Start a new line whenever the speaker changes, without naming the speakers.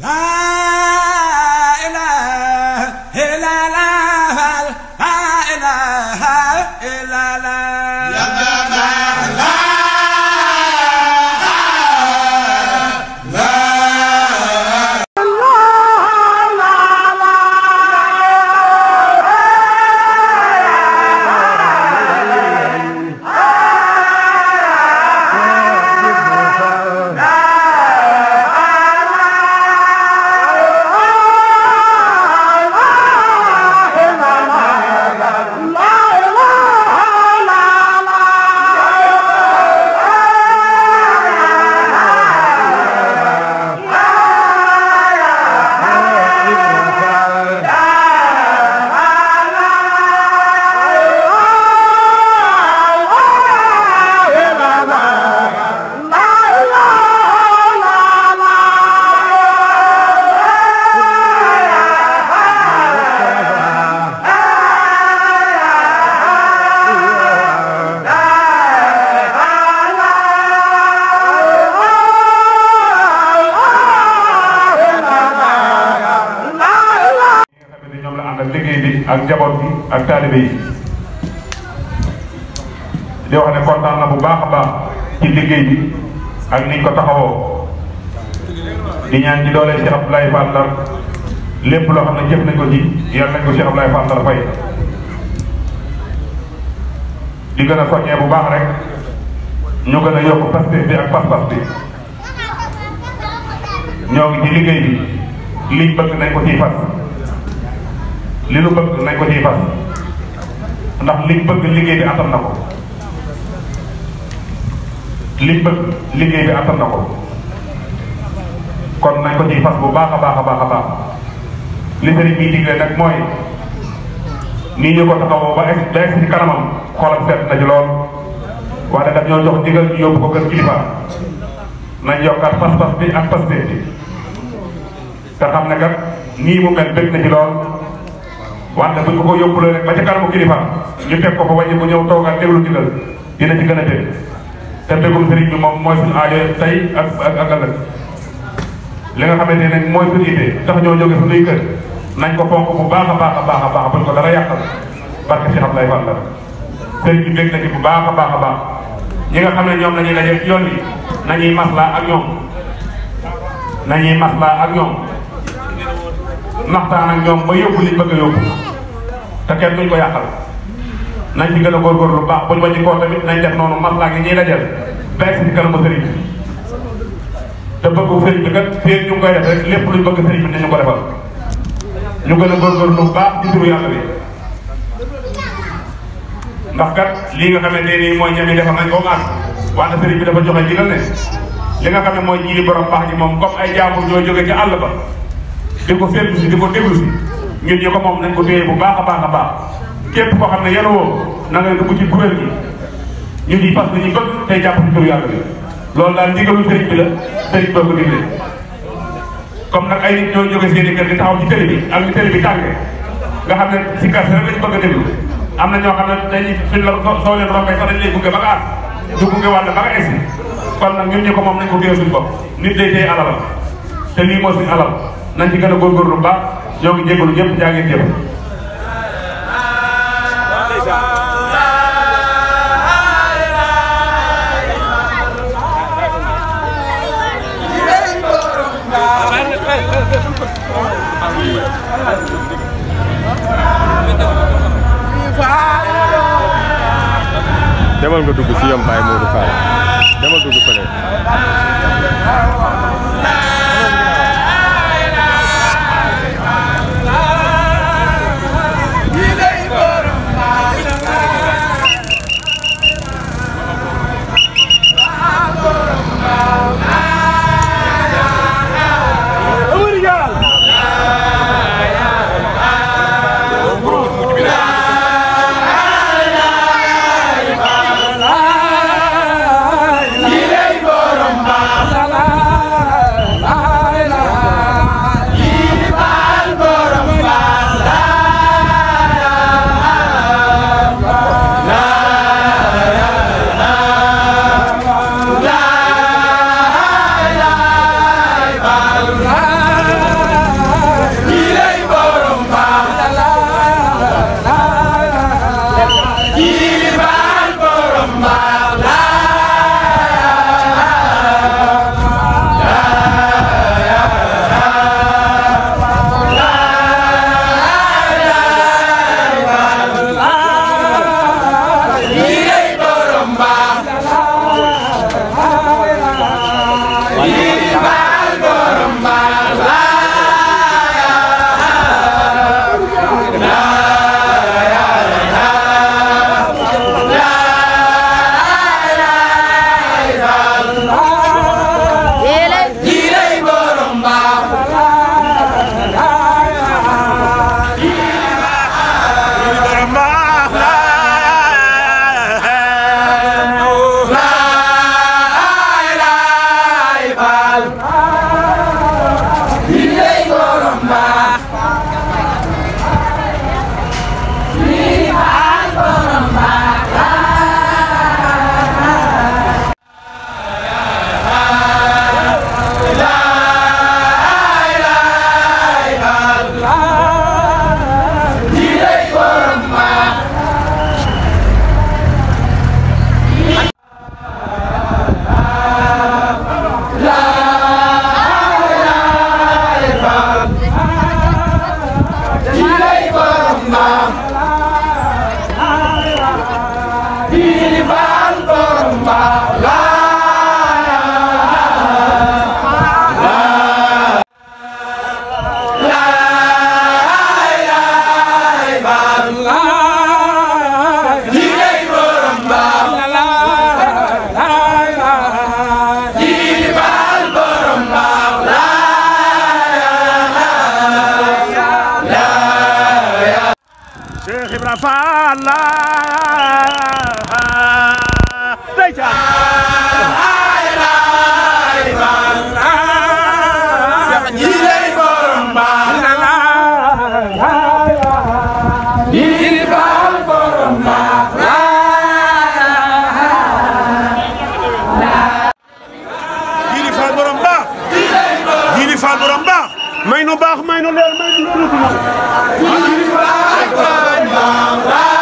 la ak njaboot bi ak taalibe yi di wax ne kontaan na bu baax a baax ci liggéey bi ak niñ ko taxawoo di ñaan ci doole Cheikh Abdoulaye Fall Ndar lépp loo xam ne jëf nañ ko ci yal nañ ko Cheikh Abdoulaye Fall Ndar fay di gën a soññee bu baax rek ñu gën a yokk paste bi ak pas-pas bi ñoo ngi ci liggéey bi liñ bëgg nañ ko ciy fas li nu bëgg nañ ko ciy fas ndax liñ bëgg liggéey bi attan na ko liñ bëgg liggéey bi attan na ko kon nañ ko ciy fas bu baax a baax a baax a baax li sëriñ bi digle nag mooy nii ñu ko taxawoo ba egg ba egg ci kanamam xolam seet na ci lool waaye daf ñoo jox digal ñu yóbbu ko kër kilifa nañ yokkaat pas-pas bi ak pas-pas bi te xam ne kat nii mu mel bëgg na ci lool. wante buñ ko ko yóbbu rek ba mu kanamu kilifa ñu teg ko fa wàññi bu ñëw toogal déglu ndigal dina ci gën a dégg te déggum sëriñ bi moom mooy suñu aajo tey ak ak ak ëllëg li nga xamante ne mooy suñu idée tax ñoo jóge suñuy kër nañ ko fonk bu baax a baax a baax a baax buñ ko dara yàqal barke si xam lay fan la sëriñ bi bég na bu baax a baax a baax ñi nga xam ne ñoom lañuy daje ci yoon yi nañuy laa ak ñoom nañuy maslaa ak ñoom waxtaan ak ñoom ba yóbbu liñ bëgg a yóbbu te kenn duñ ko yàqal nañ ci gën a góorgóorlu lu baax ba wàññi koo tamit nañ def noonu man gi ñuy dajal beeg si kanamu sëriñ bi te ba sëriñ bi kat fii lépp luñ bëgg sëriñ bi nañu ko defal ñu gën a góorgóorlu lu baax ci turu nga xamante ni mooy ñami defar nañ ko maas wante sëriñ bi dafa joxe li nga ne li nga xam ne mooy jiiri borom baax ji moom comme ay jaamu ñoo jóge ci àll ba di ko fépp si di ko déglu si ngir ñu ko moom nañ ko téye bu baax a baax a baax képp koo xam ne yàlla woo na nga dugg ci kuréel gi ñu di fas nañu bëgg yàlla bi daal ndigalu sëriñ la sëriñ boo comme nag ay nit ñoo jóge seeni kër di taxaw ci télé nga xam ne si kase rek a déglu am na ñoo xam ne dañuy fi la soo leen rombee sax dañ lay gunge ba nga àgg du gunge wàll ba nga egsi kon nag ko moom nañ ko téye suñu bopp nit day téye alalam te lii moo suñu alal nañ ci gën a góorgóorlu baax ñoo ngi jégalu ñëpp jaa ngeen jëf demal nga dugg si yom Baye Modou Fall demal dugg fële Allah maam faala tayca may nu baax may nu leer may nu Ram Ram